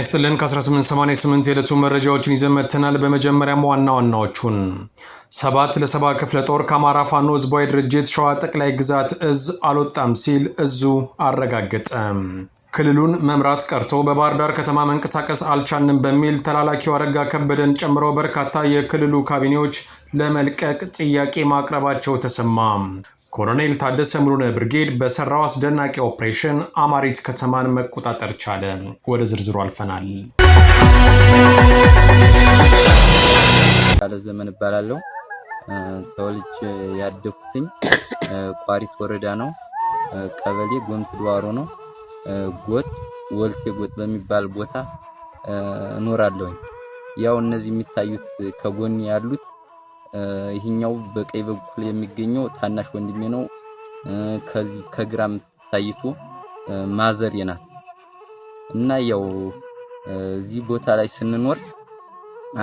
ይስጥልን ከ1888 የዕለቱ መረጃዎችን ይዘን መጥተናል። በመጀመሪያም ዋና ዋናዎቹን ሰባት ለሰባ ክፍለ ጦር ከአማራ ፋኖ ህዝባዊ ድርጅት ሸዋ ጠቅላይ ግዛት እዝ አልወጣም ሲል እዙ አረጋገጠ። ክልሉን መምራት ቀርቶ በባህር ዳር ከተማ መንቀሳቀስ አልቻንም በሚል ተላላኪው አረጋ ከበደን ጨምሮ በርካታ የክልሉ ካቢኔዎች ለመልቀቅ ጥያቄ ማቅረባቸው ተሰማ። ኮሎኔል ታደሰ ሙሉነ ብርጌድ በሰራው አስደናቂ ኦፕሬሽን አማሪት ከተማን መቆጣጠር ቻለ። ወደ ዝርዝሩ አልፈናል። ቻለ ዘመን እባላለሁ። ተወልጄ ያደኩትኝ ቋሪት ወረዳ ነው። ቀበሌ ጎምት ድዋሮ ነው። ጎጥ ወልቴ ጎጥ በሚባል ቦታ እኖራለሁኝ። ያው እነዚህ የሚታዩት ከጎን ያሉት ይህኛው በቀኝ በኩል የሚገኘው ታናሽ ወንድሜ ነው። ከዚህ ከግራ ታይቶ ማዘሬ ናት እና ያው እዚህ ቦታ ላይ ስንኖር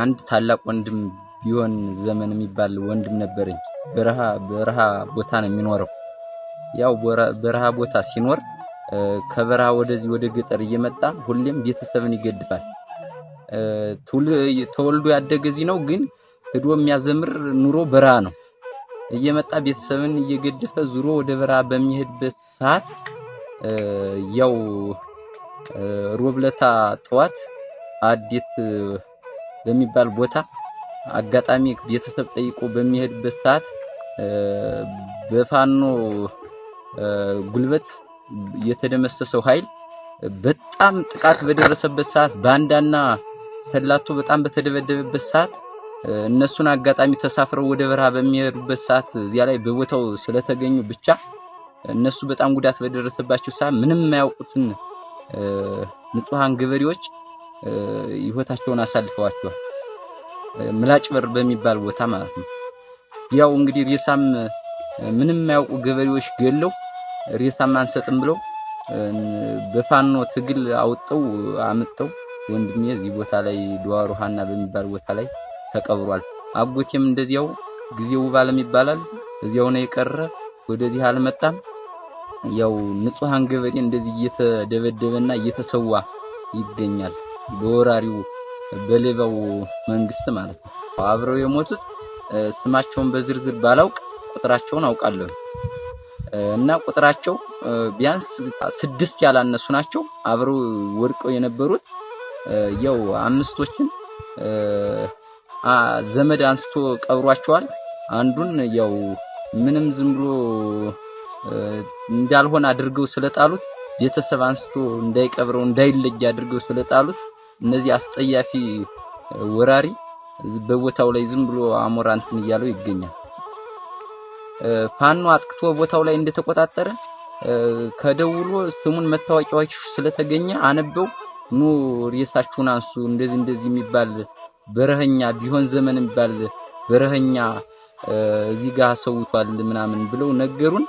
አንድ ታላቅ ወንድም ቢሆን ዘመን የሚባል ወንድም ነበረኝ። በረሃ በረሃ ቦታ ነው የሚኖረው። ያው በረሃ ቦታ ሲኖር ከበረሃ ወደዚህ ወደ ገጠር እየመጣ ሁሌም ቤተሰብን ይገድፋል። ተወልዶ ያደገ እዚህ ነው ግን ሄዶ የሚያዘምር ኑሮ በረሃ ነው። እየመጣ ቤተሰብን እየገደፈ ዙሮ ወደ በረሃ በሚሄድበት ሰዓት ያው ሮብለታ ጠዋት አዴት በሚባል ቦታ አጋጣሚ ቤተሰብ ጠይቆ በሚሄድበት ሰዓት በፋኖ ጉልበት የተደመሰሰው ኃይል በጣም ጥቃት በደረሰበት ሰዓት ባንዳና ሰላቶ በጣም በተደበደበበት ሰዓት እነሱን አጋጣሚ ተሳፍረው ወደ በረሃ በሚሄዱበት ሰዓት እዚያ ላይ በቦታው ስለተገኙ ብቻ እነሱ በጣም ጉዳት በደረሰባቸው ሰዓት ምንም የማያውቁትን ንጹሃን ገበሬዎች ህይወታቸውን አሳልፈዋቸዋል። ምላጭ በር በሚባል ቦታ ማለት ነው። ያው እንግዲህ ሬሳም ምንም የማያውቁ ገበሬዎች ገለው ሬሳም አንሰጥም ብለው በፋኖ ትግል አውጠው አምጠው ወንድሜ እዚህ ቦታ ላይ ድዋሮሃና በሚባል ቦታ ላይ ተቀብሯል። አጎቴም እንደዚያው ጊዜው ባለም ይባላል እዚያው ነው የቀረ ወደዚህ አልመጣም። ያው ንጹሃን ገበሬ እንደዚህ እየተደበደበና እየተሰዋ ይገኛል። በወራሪው በሌባው መንግስት ማለት ነው። አብረው የሞቱት ስማቸውን በዝርዝር ባላውቅ ቁጥራቸውን አውቃለሁ እና ቁጥራቸው ቢያንስ ስድስት ያላነሱ ናቸው። አብረው ወድቀው የነበሩት ያው አምስቶችን ዘመድ አንስቶ ቀብሯቸዋል። አንዱን ያው ምንም ዝም ብሎ እንዳልሆነ አድርገው ስለጣሉት ቤተሰብ አንስቶ እንዳይቀብረው እንዳይለጅ አድርገው ስለጣሉት እነዚህ አስጠያፊ ወራሪ በቦታው ላይ ዝም ብሎ አሞራ እንትን እያለው ይገኛል። ፋኖ አጥቅቶ ቦታው ላይ እንደተቆጣጠረ ከደውሎ ስሙን መታወቂያዎች ስለተገኘ አነበው ኑ ሬሳችሁን አንሱ እንደዚህ እንደዚህ የሚባል በረሀኛ ቢሆን ዘመን የሚባል በረሀኛ እዚህ ጋር ሰውቷል ምናምን ብለው ነገሩን።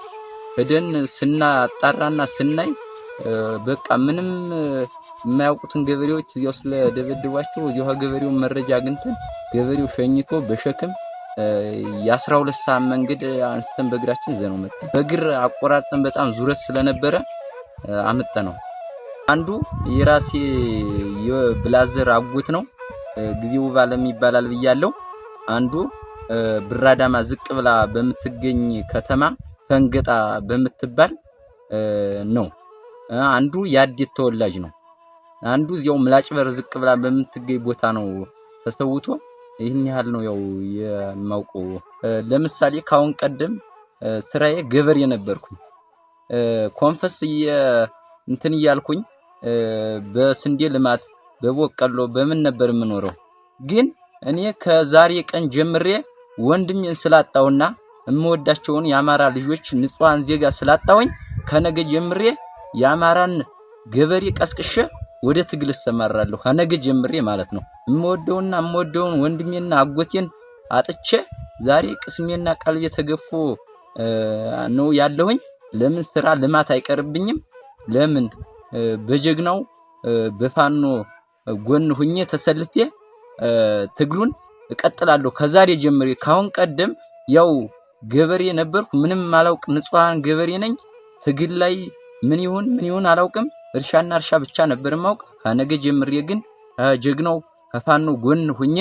ሄደን ስናጣራና ስናይ በቃ ምንም የማያውቁትን ገበሬዎች እዚያው ስለደበደቧቸው እዚያው ገበሬውን መረጃ አግኝተን ገበሬው ሸኝቶ በሸክም የአስራ ሁለት ሰዓት መንገድ አንስተን በእግራችን ይዘነው መጣን። በእግር አቆራርጠን በጣም ዙረት ስለነበረ አመጠ ነው። አንዱ የራሴ የብላዘር አጎት ነው። ጊዜው ባለም ይባላል ብያለው። አንዱ ብራዳማ ዝቅ ብላ በምትገኝ ከተማ ፈንገጣ በምትባል ነው። አንዱ የአዴት ተወላጅ ነው። አንዱ እዚያው ምላጭ በር ዝቅ ብላ በምትገኝ ቦታ ነው ተሰውቶ። ይህን ያህል ነው ያው የማውቀው። ለምሳሌ ካሁን ቀደም ስራዬ ገበሬ ነበርኩኝ። ኮንፈስ እንትን እያልኩኝ በስንዴ ልማት በቦቀሎ በምን ነበር የምኖረው። ግን እኔ ከዛሬ ቀን ጀምሬ ወንድሜን ስላጣውና የምወዳቸውን የአማራ ልጆች ንጹሃን ዜጋ ስላጣውኝ ከነገ ጀምሬ የአማራን ገበሬ ቀስቅሼ ወደ ትግል እሰማራለሁ። ከነገ ጀምሬ ማለት ነው። የምወደውና የምወደውን ወንድሜና አጎቴን አጥቼ ዛሬ ቅስሜና ቀልቤ ተገፎ ነው ያለሁኝ። ለምን ስራ ልማት አይቀርብኝም? ለምን በጀግናው በፋኖ ጎን ሁኜ ተሰልፌ ትግሉን እቀጥላለሁ። ከዛሬ ጀምሬ ካሁን ቀደም ያው ገበሬ ነበርኩ፣ ምንም አላውቅ፣ ንጹሃን ገበሬ ነኝ። ትግል ላይ ምን ይሁን ምን ይሁን አላውቅም። እርሻና እርሻ ብቻ ነበር ማውቅ። ከነገ ጀምሬ ግን ጀግናው ከፋኖ ጎን ሁኜ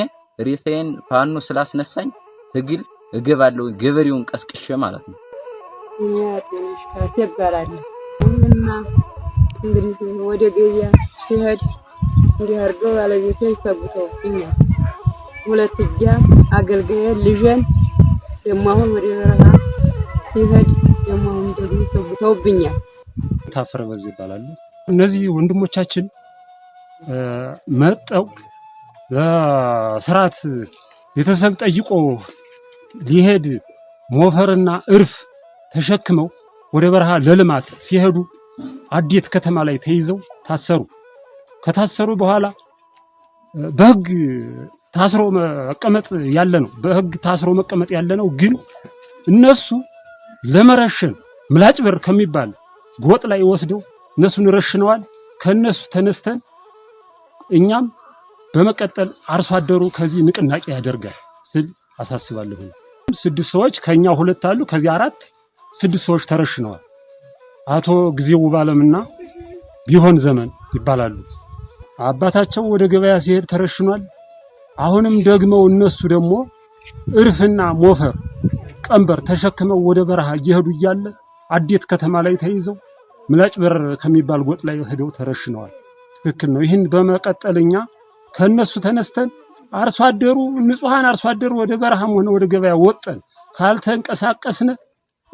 ሬሳዬን ፋኖ ስላስነሳኝ ትግል እገባለሁ፣ ገበሬውን ቀስቅሼ ማለት ነው። ይባላል እንግዲህ ወደ ገበያ ሲሄድ እንዲህ አድርገው ባለቤቴን እኛ ሁለት እጃ አገልጋዬን ልጄን ደግሞ አሁን ወደ በረሃ ሲሄድ ደግሞ አሁን ደግሞ ሰውተውብኛል። ታፈረ በዚህ ይባላሉ። እነዚህ ወንድሞቻችን መጠው በስርዓት ቤተሰብ ጠይቆ ሊሄድ ሞፈርና እርፍ ተሸክመው ወደ በረሃ ለልማት ሲሄዱ አዴት ከተማ ላይ ተይዘው ታሰሩ። ከታሰሩ በኋላ በህግ ታስሮ መቀመጥ ያለ ነው። በህግ ታስሮ መቀመጥ ያለ ነው። ግን እነሱ ለመረሸን ምላጭ በር ከሚባል ጎጥ ላይ ወስደው እነሱን ረሽነዋል። ከነሱ ተነስተን እኛም በመቀጠል አርሶ አደሩ ከዚህ ንቅናቄ ያደርጋል ስል አሳስባለሁ። ስድስት ሰዎች ከእኛ ሁለት አሉ፣ ከዚህ አራት ስድስት ሰዎች ተረሽነዋል። አቶ ጊዜው ባለምና ቢሆን ዘመን ይባላሉ። አባታቸው ወደ ገበያ ሲሄድ ተረሽኗል። አሁንም ደግመው እነሱ ደግሞ እርፍና ሞፈር ቀንበር ተሸክመው ወደ በረሃ እየሄዱ እያለ አዴት ከተማ ላይ ተይዘው ምላጭ በር ከሚባል ጎጥ ላይ ሄደው ተረሽነዋል። ትክክል ነው። ይህን በመቀጠልኛ ከነሱ ተነስተን አርሶ አደሩ ንጹሐን አርሶ አደሩ ወደ በረሃም ሆነ ወደ ገበያ ወጠን ካልተንቀሳቀስነ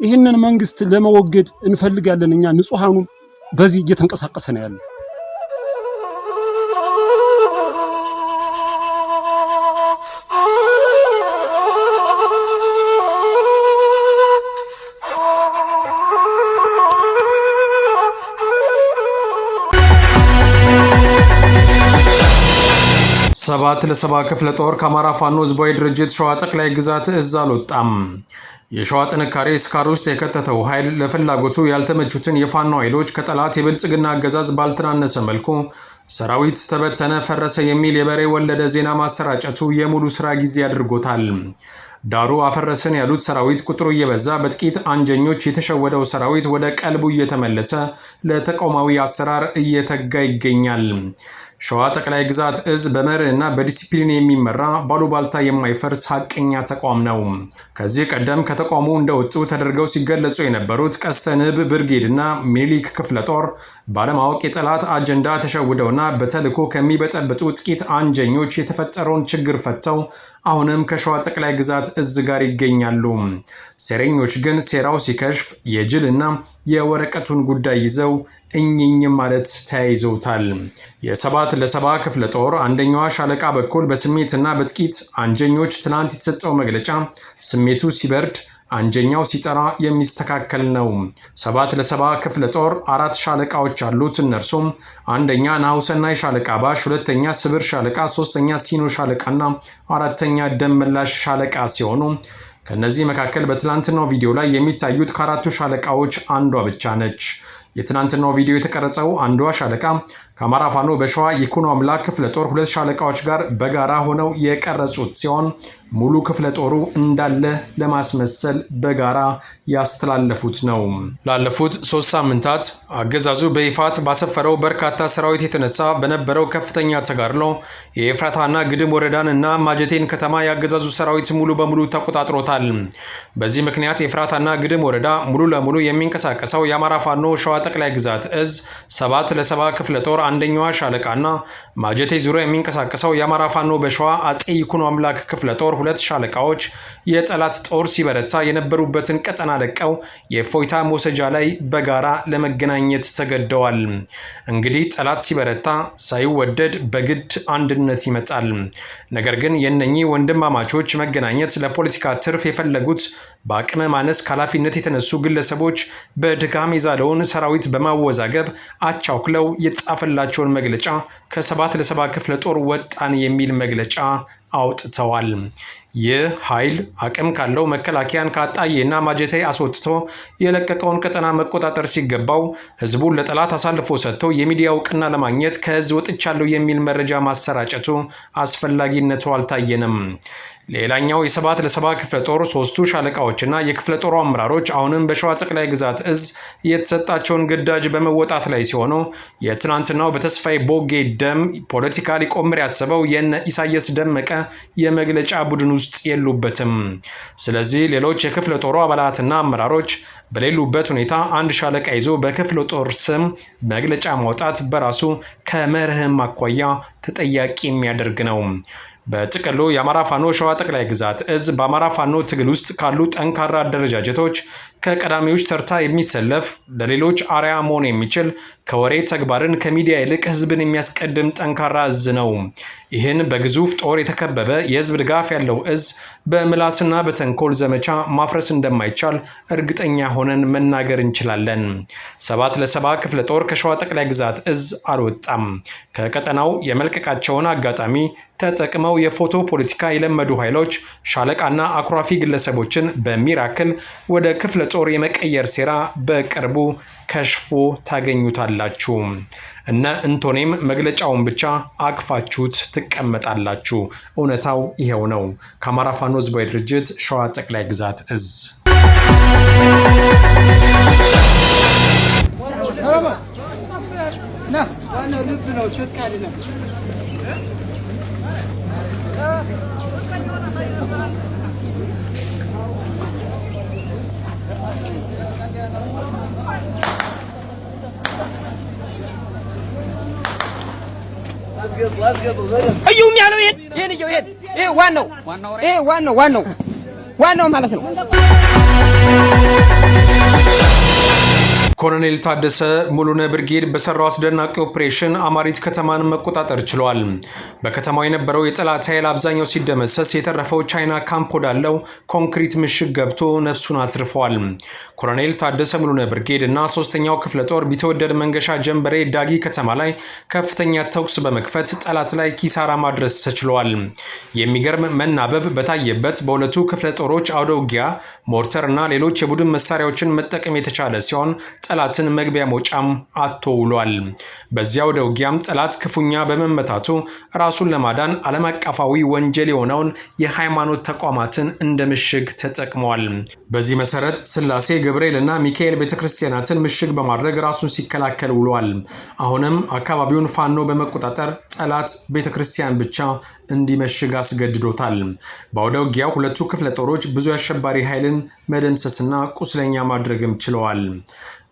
ይህንን መንግስት ለመወገድ እንፈልጋለን። እኛ ንጹሐኑም በዚህ እየተንቀሳቀሰ ነው ያለ ሰባት ለሰባ ክፍለ ጦር ከአማራ ፋኖ ህዝባዊ ድርጅት ሸዋ ጠቅላይ ግዛት እዝ አልወጣም። የሸዋ ጥንካሬ ስካር ውስጥ የከተተው ኃይል ለፍላጎቱ ያልተመቹትን የፋኖ ኃይሎች ከጠላት የብልጽግና አገዛዝ ባልተናነሰ መልኩ ሰራዊት ተበተነ፣ ፈረሰ የሚል የበሬ ወለደ ዜና ማሰራጨቱ የሙሉ ስራ ጊዜ አድርጎታል። ዳሩ አፈረስን ያሉት ሰራዊት ቁጥሩ እየበዛ በጥቂት አንጀኞች የተሸወደው ሰራዊት ወደ ቀልቡ እየተመለሰ ለተቋማዊ አሰራር እየተጋ ይገኛል። ሸዋ ጠቅላይ ግዛት እዝ በመርህ እና በዲሲፕሊን የሚመራ ባሉባልታ የማይፈርስ ሀቀኛ ተቋም ነው። ከዚህ ቀደም ከተቋሙ እንደወጡ ተደርገው ሲገለጹ የነበሩት ቀስተ ንብ ብርጌድ እና ሚኒሊክ ክፍለ ጦር ባለማወቅ የጠላት አጀንዳ ተሸውደውና በተልዕኮ ከሚበጠብጡ ጥቂት አንጀኞች የተፈጠረውን ችግር ፈተው አሁንም ከሸዋ ጠቅላይ ግዛት እዝ ጋር ይገኛሉ። ሴረኞች ግን ሴራው ሲከሽፍ የጅል እና የወረቀቱን ጉዳይ ይዘው እኝኝ ማለት ተያይዘውታል። የሰባት ለሰባ ክፍለ ጦር አንደኛዋ ሻለቃ በኩል በስሜትና በጥቂት አንጀኞች ትናንት የተሰጠው መግለጫ ስሜቱ ሲበርድ አንጀኛው ሲጠራ የሚስተካከል ነው። ሰባት ለሰባ ክፍለ ጦር አራት ሻለቃዎች አሉት። እነርሱም አንደኛ ናሁሰናይ ሻለቃ ባሽ፣ ሁለተኛ ስብር ሻለቃ፣ ሶስተኛ ሲኖ ሻለቃና አራተኛ ደመላሽ ሻለቃ ሲሆኑ ከእነዚህ መካከል በትላንትናው ቪዲዮ ላይ የሚታዩት ከአራቱ ሻለቃዎች አንዷ ብቻ ነች። የትናንትናው ቪዲዮ የተቀረጸው አንዷ ሻለቃ ከአማራ ፋኖ በሸዋ ይኩኖ አምላክ ክፍለ ጦር ሁለት ሻለቃዎች ጋር በጋራ ሆነው የቀረጹት ሲሆን ሙሉ ክፍለ ጦሩ እንዳለ ለማስመሰል በጋራ ያስተላለፉት ነው። ላለፉት ሶስት ሳምንታት አገዛዙ በይፋት ባሰፈረው በርካታ ሰራዊት የተነሳ በነበረው ከፍተኛ ተጋድሎ የኤፍራታና ግድም ወረዳን እና ማጀቴን ከተማ የአገዛዙ ሰራዊት ሙሉ በሙሉ ተቆጣጥሮታል። በዚህ ምክንያት የኤፍራታና ግድም ወረዳ ሙሉ ለሙሉ የሚንቀሳቀሰው የአማራ ፋኖ ሸዋ ጠቅላይ ግዛት እዝ ሰባት ለሰባ ክፍለ ጦር አንደኛዋ ሻለቃና ማጀቴ ዙሪያ የሚንቀሳቀሰው የአማራ ፋኖ በሸዋ አጼ ይኩኖ አምላክ ክፍለ ጦር ሁለት ሻለቃዎች የጠላት ጦር ሲበረታ የነበሩበትን ቀጠና ለቀው የእፎይታ መውሰጃ ላይ በጋራ ለመገናኘት ተገደዋል። እንግዲህ ጠላት ሲበረታ ሳይወደድ በግድ አንድነት ይመጣል። ነገር ግን የእነኚህ ወንድማማቾች መገናኘት ለፖለቲካ ትርፍ የፈለጉት በአቅመ ማነስ ከኃላፊነት የተነሱ ግለሰቦች በድካም የዛለውን ሰራዊት በማወዛገብ አቻውክለው የተጻፈ ያላቸውን መግለጫ ከሰባት ለሰባ ክፍለ ጦር ወጣን የሚል መግለጫ አውጥተዋል። ይህ ኃይል አቅም ካለው መከላከያን ከአጣዬና ማጀቴ አስወጥቶ የለቀቀውን ቀጠና መቆጣጠር ሲገባው ህዝቡን ለጠላት አሳልፎ ሰጥቶ የሚዲያ እውቅና ለማግኘት ከህዝብ ወጥቻለሁ የሚል መረጃ ማሰራጨቱ አስፈላጊነቱ አልታየንም። ሌላኛው የሰባት ለሰባ ክፍለ ጦር ሶስቱ ሻለቃዎችና የክፍለ ጦሩ አመራሮች አሁንም በሸዋ ጠቅላይ ግዛት እዝ የተሰጣቸውን ግዳጅ በመወጣት ላይ ሲሆኑ የትናንትናው በተስፋዬ ቦጌ ደም ፖለቲካ ሊቆምር ያሰበው የነ ኢሳያስ ደመቀ የመግለጫ ቡድን ውስጥ የሉበትም። ስለዚህ ሌሎች የክፍለ ጦሩ አባላትና አመራሮች በሌሉበት ሁኔታ አንድ ሻለቃ ይዞ በክፍለ ጦር ስም መግለጫ ማውጣት በራሱ ከመርህም አኳያ ተጠያቂ የሚያደርግ ነው። በጥቅሉ የአማራ ፋኖ ሸዋ ጠቅላይ ግዛት እዝ በአማራ ፋኖ ትግል ውስጥ ካሉ ጠንካራ አደረጃጀቶች ከቀዳሚዎች ተርታ የሚሰለፍ ለሌሎች አርያ መሆን የሚችል ከወሬ ተግባርን ከሚዲያ ይልቅ ህዝብን የሚያስቀድም ጠንካራ እዝ ነው። ይህን በግዙፍ ጦር የተከበበ የህዝብ ድጋፍ ያለው እዝ በምላስና በተንኮል ዘመቻ ማፍረስ እንደማይቻል እርግጠኛ ሆነን መናገር እንችላለን። ሰባት ለሰባ ክፍለ ጦር ከሸዋ ጠቅላይ ግዛት እዝ አልወጣም። ከቀጠናው የመልቀቃቸውን አጋጣሚ ተጠቅመው የፎቶ ፖለቲካ የለመዱ ኃይሎች ሻለቃና አኩራፊ ግለሰቦችን በሚራክል ወደ ክፍለ ጦር የመቀየር ሴራ በቅርቡ ከሽፎ ታገኙታላችሁ። እነ እንቶኔም መግለጫውን ብቻ አቅፋችሁት ትቀመጣላችሁ። እውነታው ይሄው ነው። ከአማራ ፋኖ ህዝባዊ ድርጅት ሸዋ ጠቅላይ ግዛት እዝ ነው እዩ ያለው ይሄን እየው ይሄን ይሄ ዋናው ዋናው ዋናው ዋናው ማለት ነው። ኮሎኔል ታደሰ ሙሉነ ብርጌድ በሰራው አስደናቂ ኦፕሬሽን አማሪት ከተማን መቆጣጠር ችሏል። በከተማው የነበረው የጠላት ኃይል አብዛኛው ሲደመሰስ የተረፈው ቻይና ካምፕ ወዳለው ኮንክሪት ምሽግ ገብቶ ነፍሱን አትርፏል። ኮሎኔል ታደሰ ሙሉነ ብርጌድ እና ሶስተኛው ክፍለ ጦር ቢተወደድ መንገሻ ጀንበሬ ዳጊ ከተማ ላይ ከፍተኛ ተኩስ በመክፈት ጠላት ላይ ኪሳራ ማድረስ ተችሏል። የሚገርም መናበብ በታየበት በሁለቱ ክፍለ ጦሮች አውደውጊያ ሞርተር እና ሌሎች የቡድን መሳሪያዎችን መጠቀም የተቻለ ሲሆን የጠላትን መግቢያ መውጫም አጥቶ ውሏል። በዚያ ወደ ውጊያም ጠላት ክፉኛ በመመታቱ ራሱን ለማዳን ዓለም አቀፋዊ ወንጀል የሆነውን የሃይማኖት ተቋማትን እንደ ምሽግ ተጠቅመዋል። በዚህ መሰረት ስላሴ ገብርኤል እና ሚካኤል ቤተክርስቲያናትን ምሽግ በማድረግ ራሱን ሲከላከል ውሏል። አሁንም አካባቢውን ፋኖ በመቆጣጠር ጠላት ቤተክርስቲያን ብቻ እንዲመሽግ አስገድዶታል። በአውደ ውጊያው ሁለቱ ክፍለ ጦሮች ብዙ የአሸባሪ ኃይልን መደምሰስና ቁስለኛ ማድረግም ችለዋል።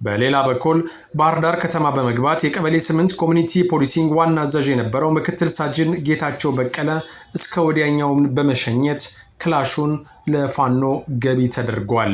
በሌላ በኩል ባህር ዳር ከተማ በመግባት የቀበሌ ስምንት ኮሚኒቲ ፖሊሲንግ ዋና አዛዥ የነበረው ምክትል ሳጅን ጌታቸው በቀለ እስከ ወዲያኛው በመሸኘት ክላሹን ለፋኖ ገቢ ተደርጓል።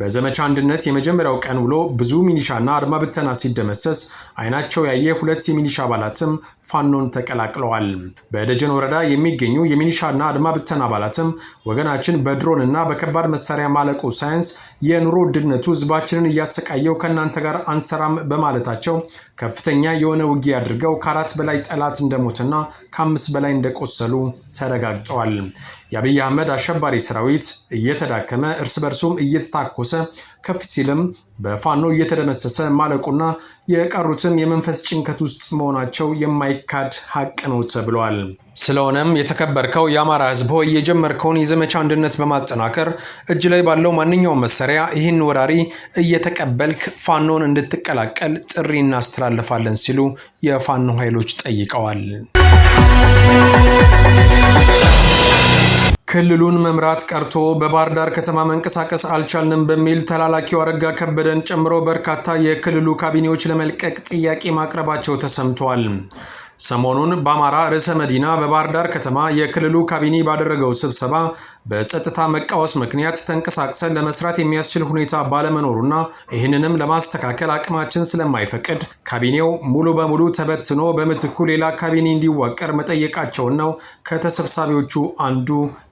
በዘመቻ አንድነት የመጀመሪያው ቀን ውሎ ብዙ ሚኒሻና አድማ ብተና ሲደመሰስ አይናቸው ያየ ሁለት የሚኒሻ አባላትም ፋኖን ተቀላቅለዋል። በደጀን ወረዳ የሚገኙ የሚኒሻና አድማ ብተና አባላትም ወገናችን በድሮን ና በከባድ መሳሪያ ማለቁ ሳይንስ የኑሮ ውድነቱ ህዝባችንን እያሰቃየው ከእናንተ ጋር አንሰራም በማለታቸው ከፍተኛ የሆነ ውጊያ አድርገው ከአራት በላይ ጠላት እንደሞትና ከአምስት በላይ እንደቆሰሉ ተረጋግጠዋል። የአብይ አህመድ አሸባሪ ሰራዊት እየተዳከመ እርስ በርሱም እየተታኮሰ ከፍ ሲልም በፋኖ እየተደመሰሰ ማለቁና የቀሩትም የመንፈስ ጭንቀት ውስጥ መሆናቸው የማይካድ ሀቅ ነው ተብሏል። ስለሆነም የተከበርከው የአማራ ሕዝብ ሆይ የጀመርከውን የዘመቻ አንድነት በማጠናከር እጅ ላይ ባለው ማንኛውም መሳሪያ ይህን ወራሪ እየተቀበልክ ፋኖን እንድትቀላቀል ጥሪ እናስተላልፋለን ሲሉ የፋኖ ኃይሎች ጠይቀዋል። ክልሉን መምራት ቀርቶ በባህር ዳር ከተማ መንቀሳቀስ አልቻልንም በሚል ተላላኪው አረጋ ከበደን ጨምሮ በርካታ የክልሉ ካቢኔዎች ለመልቀቅ ጥያቄ ማቅረባቸው ተሰምተዋል። ሰሞኑን በአማራ ርዕሰ መዲና በባህር ዳር ከተማ የክልሉ ካቢኔ ባደረገው ስብሰባ በጸጥታ መቃወስ ምክንያት ተንቀሳቅሰን ለመስራት የሚያስችል ሁኔታ ባለመኖሩና ይህንንም ለማስተካከል አቅማችን ስለማይፈቅድ ካቢኔው ሙሉ በሙሉ ተበትኖ በምትኩ ሌላ ካቢኔ እንዲዋቀር መጠየቃቸውን ነው ከተሰብሳቢዎቹ አንዱ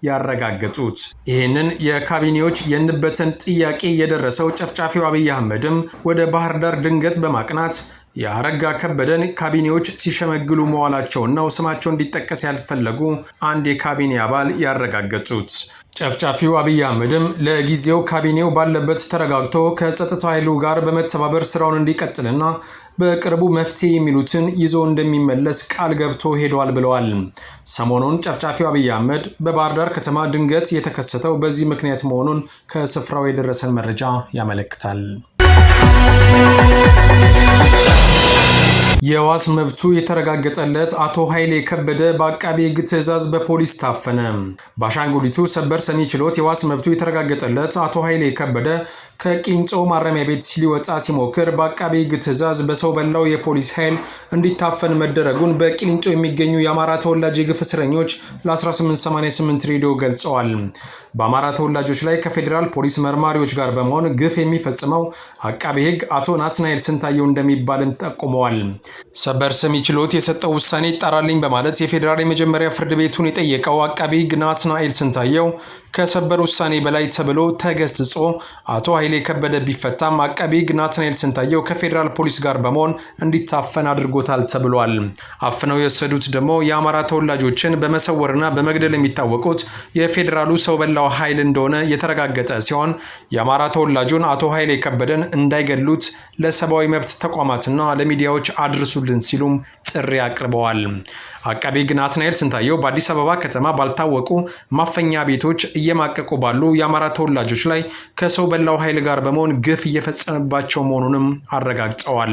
ያረጋገጡት። ይህንን የካቢኔዎች የንበተን ጥያቄ የደረሰው ጨፍጫፊው አብይ አህመድም ወደ ባህር ዳር ድንገት በማቅናት የአረጋ ከበደን ካቢኔዎች ሲሸመግሉ መዋላቸውን ነው ስማቸው እንዲጠቀስ ያልፈለጉ አንድ የካቢኔ አባል ያረጋገጡት። ጨፍጫፊው አብይ አህመድም ለጊዜው ካቢኔው ባለበት ተረጋግቶ ከጸጥታ ኃይሉ ጋር በመተባበር ስራውን እንዲቀጥልና በቅርቡ መፍትሄ የሚሉትን ይዞ እንደሚመለስ ቃል ገብቶ ሄደዋል ብለዋል። ሰሞኑን ጨፍጫፊው አብይ አህመድ በባህር ዳር ከተማ ድንገት የተከሰተው በዚህ ምክንያት መሆኑን ከስፍራው የደረሰን መረጃ ያመለክታል። የዋስ መብቱ የተረጋገጠለት አቶ ኃይሌ ከበደ በአቃቤ ሕግ ትዕዛዝ በፖሊስ ታፈነ። በአሻንጉሊቱ ሰበር ሰሚ ችሎት የዋስ መብቱ የተረጋገጠለት አቶ ኃይሌ ከበደ ከቂንጾ ማረሚያ ቤት ሊወጣ ሲሞክር በአቃቤ ሕግ ትዕዛዝ በሰው በላው የፖሊስ ኃይል እንዲታፈን መደረጉን በቂሊንጦ የሚገኙ የአማራ ተወላጅ የግፍ እስረኞች ለ1888 ሬዲዮ ገልጸዋል። በአማራ ተወላጆች ላይ ከፌዴራል ፖሊስ መርማሪዎች ጋር በመሆን ግፍ የሚፈጽመው አቃቤ ሕግ አቶ ናትናኤል ስንታየው እንደሚባልም ጠቁመዋል። ሰበር ሰሚ ችሎት የሰጠው ውሳኔ ይጣራልኝ በማለት የፌዴራል የመጀመሪያ ፍርድ ቤቱን የጠየቀው አቃቢ ሕግ ናትናኤል ስንታየው ከሰበር ውሳኔ በላይ ተብሎ ተገስጾ አቶ ኃይሌ ከበደ ቢፈታም አቃቤ ሕግ ናትናኤል ስንታየው ከፌዴራል ፖሊስ ጋር በመሆን እንዲታፈን አድርጎታል ተብሏል። አፍነው የወሰዱት ደግሞ የአማራ ተወላጆችን በመሰወርና በመግደል የሚታወቁት የፌዴራሉ ሰው በላው ኃይል እንደሆነ የተረጋገጠ ሲሆን የአማራ ተወላጁን አቶ ኃይሌ ከበደን እንዳይገሉት ለሰብአዊ መብት ተቋማትና ለሚዲያዎች አድርሱልን ሲሉም ጥሪ አቅርበዋል። አቃቤ ሕግ ናትናኤል ስንታየው በአዲስ አበባ ከተማ ባልታወቁ ማፈኛ ቤቶች እየማቀቁ ባሉ የአማራ ተወላጆች ላይ ከሰው በላው ኃይል ጋር በመሆን ግፍ እየፈጸመባቸው መሆኑንም አረጋግጠዋል።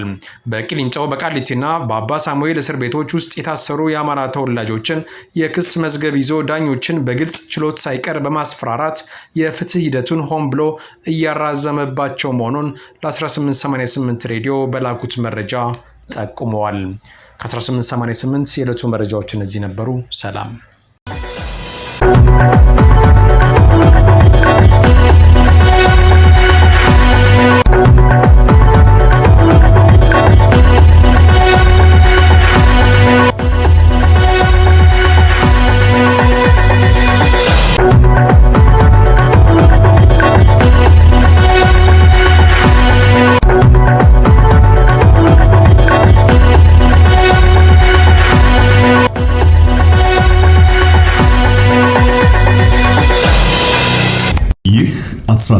በቂሊንጦ በቃሊቲና በአባ ሳሙኤል እስር ቤቶች ውስጥ የታሰሩ የአማራ ተወላጆችን የክስ መዝገብ ይዞ ዳኞችን በግልጽ ችሎት ሳይቀር በማስፈራራት የፍትህ ሂደቱን ሆን ብሎ እያራዘመባቸው መሆኑን ለ1888 ሬዲዮ በላኩት መረጃ ጠቁመዋል። ከ1888 የዕለቱ መረጃዎች እነዚህ ነበሩ። ሰላም